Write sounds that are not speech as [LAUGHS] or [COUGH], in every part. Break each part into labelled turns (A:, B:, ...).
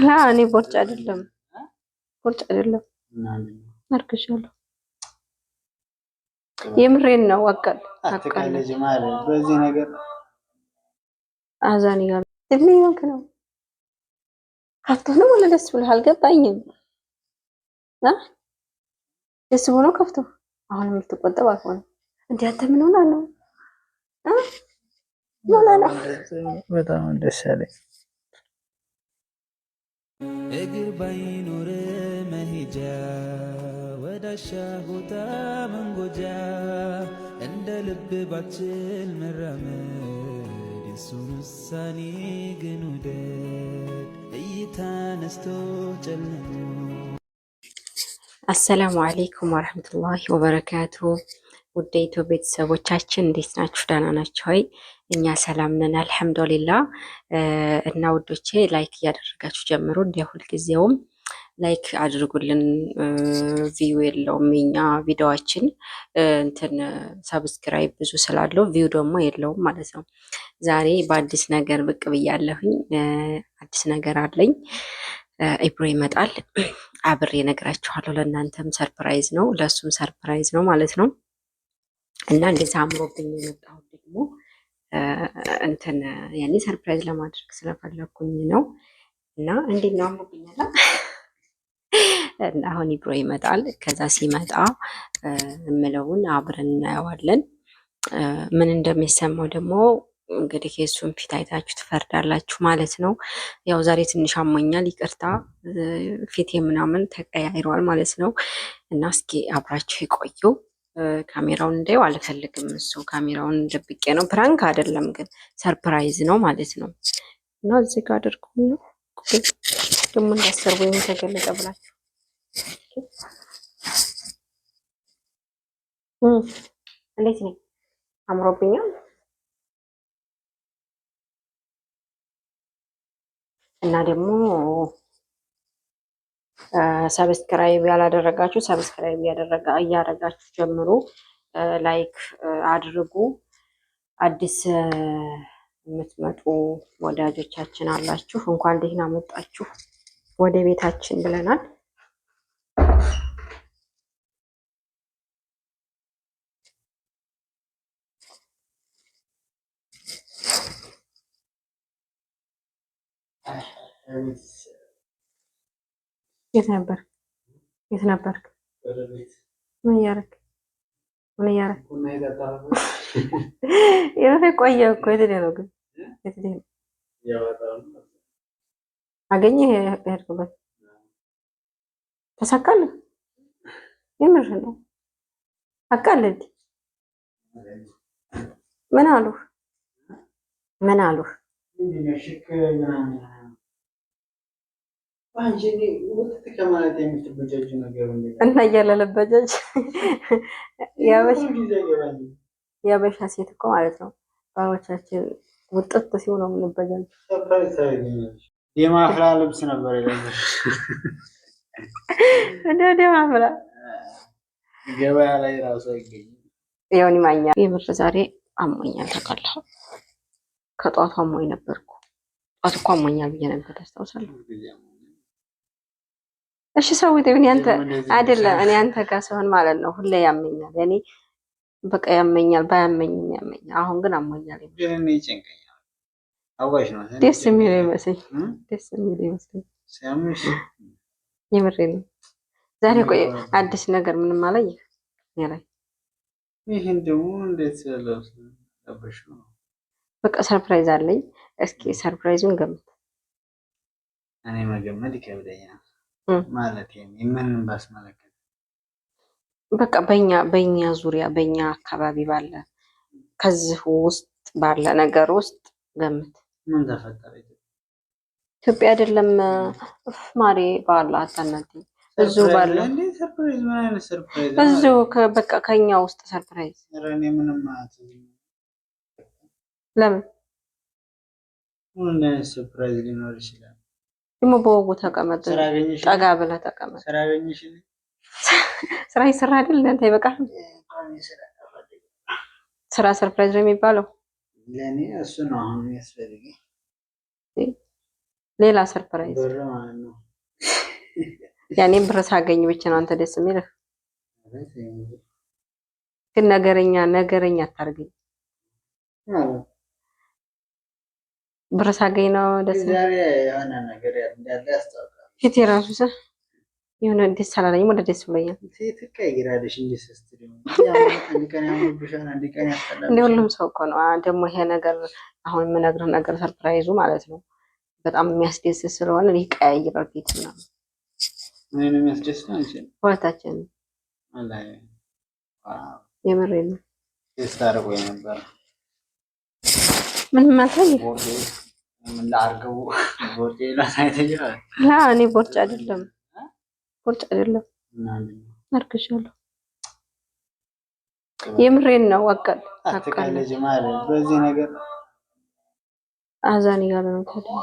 A: እኔ ቦርጭ አይደለም ቦርጭ አይደለም አርግዣለሁ። የምሬን ነው። አቃል
B: አቃል በዚህ ነገር
A: አዛን ይላል እድሜ ይሆንክ ነው ካፍቶ ነው ወለ ደስ ብለህ አልገባኝም። ደስ ሆኖ ከፍቶ አሁን የምትቆጠብ አልሆነ እንዴ አንተ ምን ሆና ነው? ምን ሆና ነው?
B: በጣም ደስ አለኝ። እግር ባይኖር መሄጃ ወዳሻ ቦታ መንጎጃ እንደ ልብ
A: ባችል መራመድ የሱን ውሳኔ ግን ውደድ እይታ ነስቶ ጨልሞ። አሰላሙ አሌይኩም ወረህመቱላሂ ወበረካቱ። ውድ ቤተሰቦቻችን እንዴት ናችሁ? ደህና ናቸው ሆይ? እኛ ሰላም ነን አልሐምዱሊላ። እና ውዶቼ ላይክ እያደረጋችሁ ጀምሩ። እንደ ሁልጊዜውም ላይክ አድርጉልን። ቪው የለውም የኛ ቪዲዮዋችን እንትን ሰብስክራይብ ብዙ ስላለው ቪው ደግሞ የለውም ማለት ነው። ዛሬ በአዲስ ነገር ብቅ ብያለሁኝ። አዲስ ነገር አለኝ። ኢብሮ ይመጣል [CLEARS THROAT] አብሬ እነግራችኋለሁ። ለእናንተም ሰርፕራይዝ ነው፣ ለእሱም ሰርፕራይዝ ነው ማለት ነው እና እንደዛ አምሮብኝ የመጣሁት እንትን ያኔ ሰርፕራይዝ ለማድረግ ስለፈለኩኝ ነው። እና እንዴት ነው አምሮብኛላ። አሁን ይብሮ [LAUGHS] ይመጣል። ከዛ ሲመጣ የምለውን አብረን እናየዋለን። ምን እንደሚሰማው ደግሞ እንግዲህ የእሱን ፊት አይታችሁ ትፈርዳላችሁ ማለት ነው። ያው ዛሬ ትንሽ አሞኛል፣ ይቅርታ ፊቴ ምናምን ተቀያይሯል ማለት ነው። እና እስኪ አብራችሁ ይቆዩ። ካሜራውን እንዳየው አልፈልግም። እሱ ካሜራውን ደብቄ ነው። ፕራንክ አይደለም ግን ሰርፕራይዝ ነው ማለት ነው። እና እዚህ ጋር አድርጉና ደግሞ እንዳሰርቡ ወይም ተገለጠ ብላችሁ እንዴት ነው አምሮብኛል። እና ደግሞ ሰብስክራይብ ያላደረጋችሁ ሰብስክራይብ እያደረጋችሁ ጀምሩ። ላይክ አድርጉ። አዲስ የምትመጡ ወዳጆቻችን አላችሁ፣ እንኳን ደህና መጣችሁ ወደ ቤታችን ብለናል። የት ነበርክ? የት ነበር? ምን እያደረክ ምን
B: እያደረክ?
A: የሆነ ቆየ እኮ የት ነው? ግን የት ነው? አገኘህ? ሄድኩበት ተሳካልህ? የምር ነው አቃልድ ምን ምን እና እያለለ በጃጅ የአበሻ ሴት እኮ ማለት ነው። ባሮቻችን ውጥት ሲሆን ነው የምንበጃጅ።
B: የማፍላ ልብስ ነበር
A: እንደ ወደ
B: ገበያ ላይ ራሱ አይገኝም።
A: ማኛ የምር ዛሬ አሞኛል። ተቀላ ከጧቱ አሞኝ ነበርኩ። ጧት እኮ አሞኛል ብዬ ነበር ያስታውሳለሁ። እሺ ሰው ይሁን አንተ አይደለም። እኔ አንተ ጋር ሲሆን ማለት ነው ሁሌ ያመኛል። እኔ በቃ ያመኛል፣ ባያመኝም ያመኛል። አሁን ግን አሞኛል። ደስ የሚል ይመስል ደስ የሚል ይመስል የምሬ ነው። ዛሬ ቆይ አዲስ ነገር ምንም ማለት ይሄ
B: ይሄን ደግሞ እንዴት ስለለብስ
A: በቃ ሰርፕራይዝ አለኝ። እስኪ ሰርፕራይዙን ገምት።
B: እኔ መገመት ይከብደኛል። ማለት ምንን ባስመለከት
A: በቃ በኛ በኛ ዙሪያ በኛ አካባቢ ባለ ከዚህ ውስጥ ባለ ነገር ውስጥ ገምት።
B: ምን ተፈጠረ?
A: ኢትዮጵያ አይደለም ማሬ ባለ አታናቲ እዙ ባለ እዙ በቃ ከኛ ውስጥ ሰርፕራይዝ ለምን
B: ምን ሰርፕራይዝ ሊኖር ይችላል?
A: ደግሞ በወጉ ተቀመጥ፣ ጠጋ ብለ ተቀመጥ። ስራ ይሰራ አይደል? ለአንተ አይበቃህም? ስራ ሰርፕራይዝ ነው የሚባለው።
B: ለኔ እሱ ነው አሁን የሚያስፈልገኝ።
A: ሌላ ሰርፕራይዝ
B: ብር ማለት ነው።
A: [LAUGHS] ያኔ ብር ሳገኝ ብቻ ነው አንተ ደስ የሚልህ። ግን ነገረኛ ነገረኛ አታርገኝ። ብር ሳገኝ ነው ደስ ፊት የራሱ ሰ የሆነ ደስ አላለኝ፣ ወደ ደስ ብሎኛል። ሁሉም ሰው እኮ ነው ደግሞ ይሄ ነገር አሁን የምነግር ነገር ሰርፕራይዙ ማለት ነው በጣም የሚያስደስት ስለሆነ ይህ ቀያይራል ፊት ነው ሁለታችን የምሬ ነው ምንም አልታየም።
B: ምን ላድርገው? ቦርጬ
A: እኔ ቦርጭ አይደለም ቦርጭ አይደለም አድርግሻለሁ። የምሬን ነው። አቃል
B: አቃል በዚህ ነገር
A: አዛን እያለ ነው። ታዲያ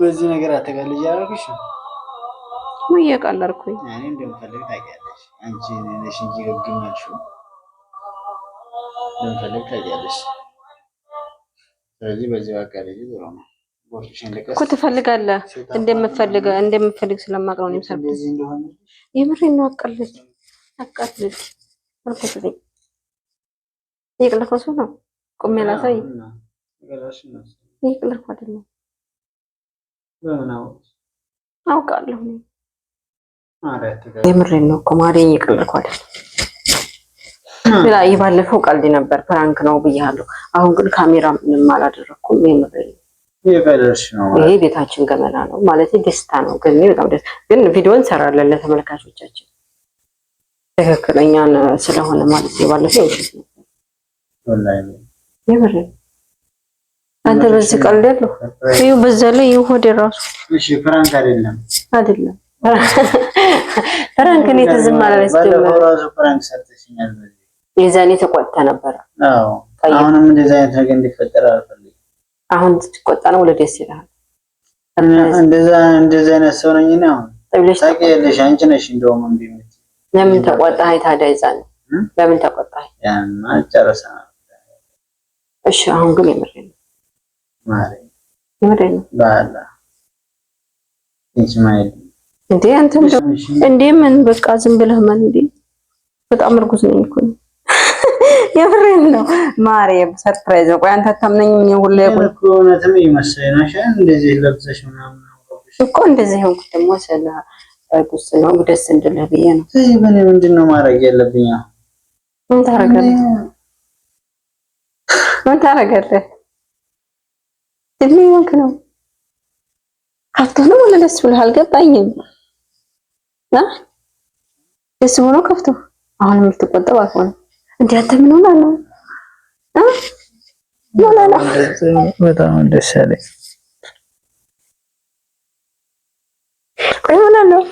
B: በዚህ ነገር አተጋለጅ ያደረግሽ
A: ወይ ያቃል አልኩኝ።
B: እኔ እንደምፈልግ ታውቂያለሽ። አንቺ ነሽ እንጂ ገግማችሁ እንደምፈልግ ታውቂያለሽ። ስለዚህ በዚህ አቃል ጥሩ ነው።
A: እኮ ትፈልጋለህ እንደምፈልግ እንደምፈልግ ስለማቅ ነው። እኔም ሰርፕራይዝ የምሬን ነው። አቃለች አቃለች አልፈትልኝ እየቀለድኩ ነው። ቁሜ ላሳይ እየቀለድኩ አይደለም። አውቃለሁ የምሬን ነው እኮ ማሪ እየቀለድኩ አይደለም። ብላ የባለፈው ቀልድ ነበር ፕራንክ ነው ብያለሁ። አሁን ግን ካሜራ ምንም አላደረኩም የምሬን ነው።
B: ይሄ
A: ቤታችን ገመና ነው ማለት ደስታ ነው። ግን በጣም ደስ ግን ቪዲዮ እንሰራለን ለተመልካቾቻችን ትክክለኛን ስለሆነ ማለት ባለፈው ይሽት ነው። ይብር አንተ በዚህ ቀልደሉ እዩ በዛ ላይ ይሁድ ራሱ
B: እሺ፣ ፍራንክ አይደለም
A: አይደለም ፍራንክ ነው ተዝማለ
B: ያስጀምራል። ፍራንክ ሰርተሽኛል።
A: የዛኔ ተቆጥተ ነበር።
B: አዎ አሁንም እንደዚህ አይነት ነገር እንዲፈጠር አልፈልግም።
A: አሁን ስትቆጣ ነው ወደ ደስ ይላል።
B: እንደዛ እንደዛ አይነት ሰው ነኝ ነው ታውቂያለሽ። አንቺ ነሽ እንደውም እምቢ የምትይ።
A: ለምን ተቆጣህ ታዲያ? ይዛል ለምን ተቆጣህ?
B: ያማ ጨረሰ።
A: እሺ አሁን ግን የምሬን ነው ማለት የምሬን ነው
B: ባላ ኢስማኤል
A: እንዴ አንተ እንዴ ምን በቃ ዝም ብለህ ማን እንዴ በጣም እርጉዝ ነኝ እኮ ነው የብሬን ነው ማሪ፣ ሰርፕራይዝ ነው። ቆይ አንተ አታምነኝም። ሁሌ እኮ
B: እንደዚህ ለብሰሽ ምናምን
A: እኮ እንደዚህ ሆንኩ ደግሞ ስለ ቁስ ነው ደስ እንድልህ ብዬ ነው።
B: ስለዚህ ምን ምንድን ነው ማድረግ ያለብኝ?
A: ምን ታረጋለህ? ምን ታረጋለህ? እድሜ ይሆንክ ነው ከፍቶ ነው ወለ ደስ ብለህ አልገባኝም። ደስ ሆኖ ከፍቶ አሁን የምትቆጠብ አልሆነም እንዴ አንተ ምን ሆነ ነው?
B: በጣም ደስ ያለኝ ቆይ ሆነ ነው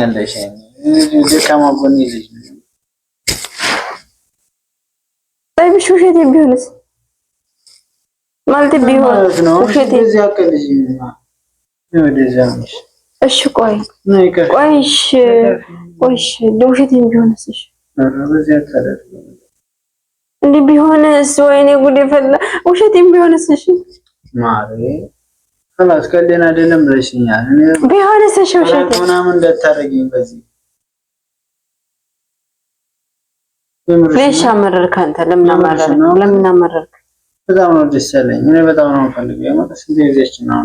B: ምን
A: ትንሽ ውሸቴን ቢሆንስ ማለት ቢሆን ውሸቴን እሺ፣ ቆይ ቆይ፣ እሺ፣ ቆይ፣ እሺ፣ ውሸቴን ቢሆንስ እሺ እንዲህ ቢሆንስ? ወይኔ ጉድ ፈላ። ውሸቴን ቢሆንስ? እሺ ማሬ ቢሆንስ? እሺ ውሸቴን
B: ምናምን እንዳታረጊኝ በዚህ
A: ሌሻ አመረርክ አንተ ለምን አመረርክ?
B: በጣም ነው ደስ ያለኝ። እኔ በጣም ነው ፈልገው ያመጣ ስንት ጊዜች ነው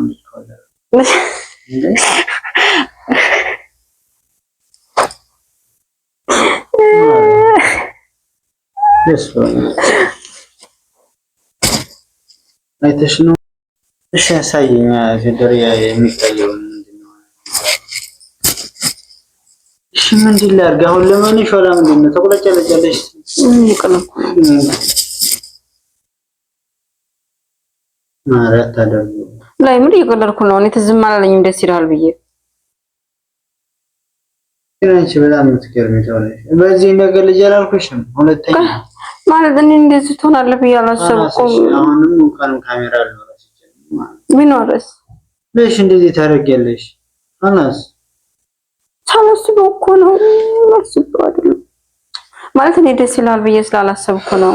B: አይተሽ ነው እሺ፣ ያሳየኛ ፊደር የሚታየውን ምንድን ላድርግ አሁን? ለምን ሾላ ምንድን ነው ተቆለጨለጨለሽ?
A: ላይ ምን እየቀለድኩ ነው እኔ? ትዝም አላለኝም ደስ ይላል ብዬ
B: እንቺ በጣም የምትገርሚ ተወለሽ። በዚህ ነገር ልጅ አላልኩሽም? ሁለተኛ
A: ማለት እኔ እንደዚህ ትሆናለህ ብዬ አላሰብኩም።
B: አሁንም ካሜራ አለ ማለት ቢኖርስ ልሽ እንደዚህ ታደርጊያለሽ አላስ
A: ሳላስበው እኮ ነው አስቤው አይደለም ማለት እኔ ደስ ይላል ብዬ ስላላሰብኩ ነው።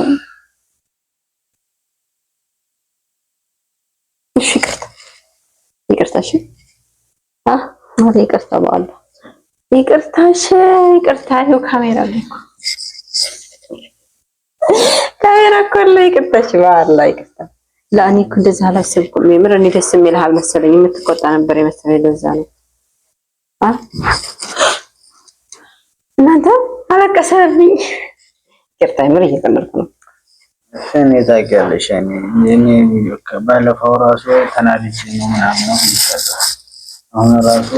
A: እሺ ይቅርታ ይቅርታ አ ማለት ይቅርታ በኋላ ይቅርታሽ ይቅርታ ይኸው ካሜራ ላይ እኮ ካሜራ እኮ ይቅርታሽ ይቅርታ ይቅርታ ለእኔ እኮ እንደዚህ አላሰብኩም። የምር እኔ ደስ የሚልህ አልመሰለኝም። የምትቆጣ ነበር የመሰለኝ ለዛ ነው አ እናንተ አለቀሰብኝ። ይቅርታ ምር እየቀመርኩ ነው።
B: እኔ ታውቂያለሽ፣ እኔ ባለፈው ራሱ ተናድጄ ነው ምናምን ነው ይፈጠራል። አሁን ራሱ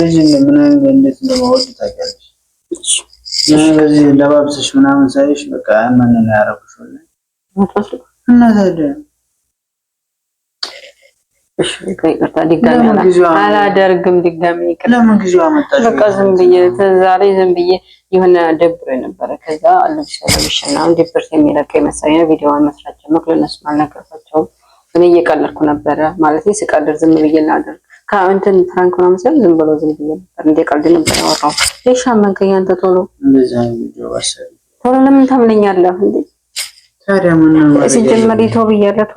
B: ልጅ ምን እንዴት እንደማወድ ታውቂያለሽ። በዚህ ለባብሰሽ ምናምን ሳይሽ በቃ ምን ነው ያደረኩሽ እና ታዲያ
A: ይቅርታ ድጋሚ አላደርግም። ድጋሚ በቃ ዝም ብዬ ዛሬ ዝም ብዬ የሆነ ደብሮ የነበረ ከዛ ልብስ ድብርት የሚለቀ የመሰለኝ መስራት ጀመርኩ። ለእነሱም አልነገርኳቸውም። እኔ እየቀለድኩ ነበረ ማለት ስቀልድ ዝም ብዬ ላደርግ ከእንትን ፍራንክ ነው ዝም ብሎ ዝም ብዬ ነበር እንደ ቀልድ ነበር ያወራው። አንተ ቶሎ ቶሎ ለምን ታምነኛለህ እንዴ? ሲጀመር ቶሎ ነገር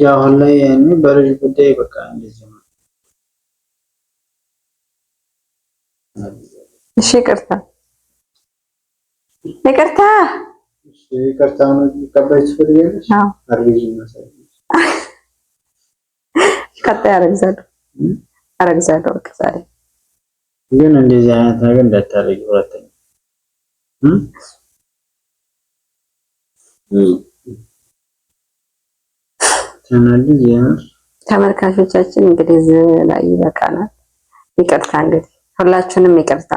B: Jaholayeni baruri budeyi በቃ
A: እሺ ይቅርታ ይቅርታ ይቅርታ አረግዛለሁ። በቃ ዛሬ
B: ግን እንደዚህ አይነት ነገር እንዳታረጊ ሁለተኛ
A: ተመልካቾቻችን እንግዲህ እዚህ ላይ ይበቃናል። ይቅርታ እንግዲህ ሁላችሁንም ይቅርታ